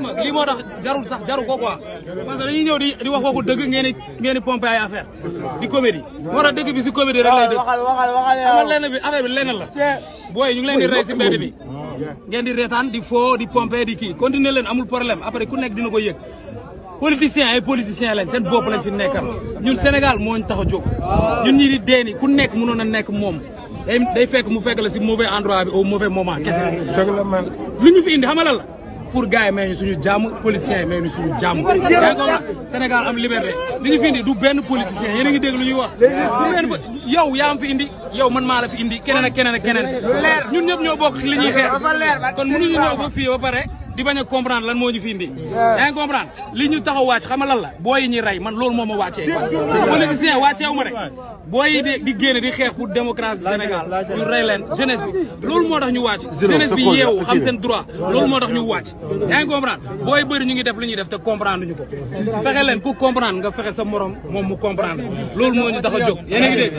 xam nga lii moo tax jarul sax jaru ko quoi parce que dañuy ñëw di di wax kooku dëgg ngeen di ngeen di ay affaire di comédie moo tax dëgg bi wakal comédie rek lay wakal man lenn bi affaire bi lenn la booy ñu ngi leen di rey si mbedd bi ngeen di reetaan di foo di pompé di kii continuer leen amul problème après ku nekk dina ko yëg politiciens ay politiciens lañ seen bopp lañ fi nekkal ñun Sénégal moo ñu tax ñun ñii di dee ni ku nekk mënoon a nekk moom day fekk mu fekk la si mauvais endroit bi au mauvais moment kese li ñu fi indi xamalal la pour gars yi may ñu suñu jàmm politiciens yi may ñu suñu jàmm Sénégal am liberté li ñu fi indi du benn politicien yéen a ngi dégg lu ñuy wax du benn yow yaa am fi indi yow man maa la fi indi kenen ak keneen ak keneen ñun ñëpp ñoo bokk li ñuy xeex kon mënuñu ñëw ba fii ba pare di bañ a comprendre lan moo ñu fi indi. yaa li ñu taxaw wàcc xam nga lan la booy yi ñuy rey man loolu moo ma wàccee. politicien wàcceewu ma rek booy yi di génne di xeex pour démocratie Sénégal ñu rey leen jeunesse bi loolu moo tax ñu wàcc jeunesse bi yeewu xam seen droit loolu moo tax ñu wàcc yaa booy bëri ñu ngi def li ñuy def te comprendre ñu ko fexe leen ku comprendre nga fexe sa morom moom mu comprendre loolu moo ñu tax a jóg yéen